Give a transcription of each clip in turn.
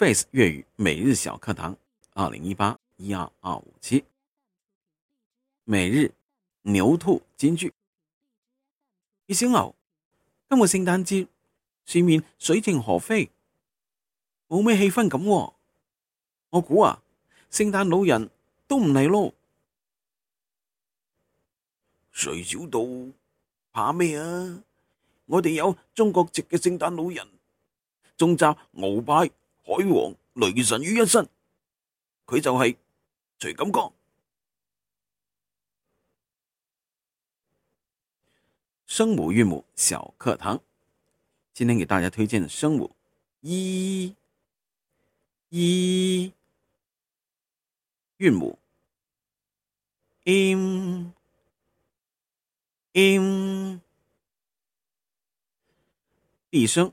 face 粵語每日小課堂二零一八一二二五七每日牛兔金句。小牛，今日聖誕節，水面水靜河飛，冇咩氣氛咁、哦。我估啊，聖誕老人都唔嚟咯。誰小到怕咩啊？我哋有中國籍嘅聖誕老人，仲罩牛拜。海王雷神於一身，佢就係徐錦江。聲母韻母小課堂，今天給大家推薦的聲母 j j 韻母 im im 閉聲。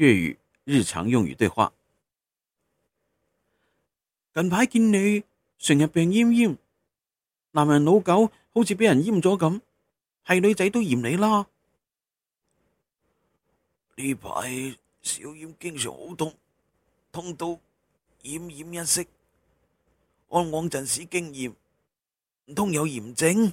粵語日常用語對話：近排見你成日病懨懨，男人老狗好似俾人閹咗咁，係女仔都嫌你啦。呢排小厴經常好痛，痛到奄奄一息。按往陣時經驗，唔通有炎症？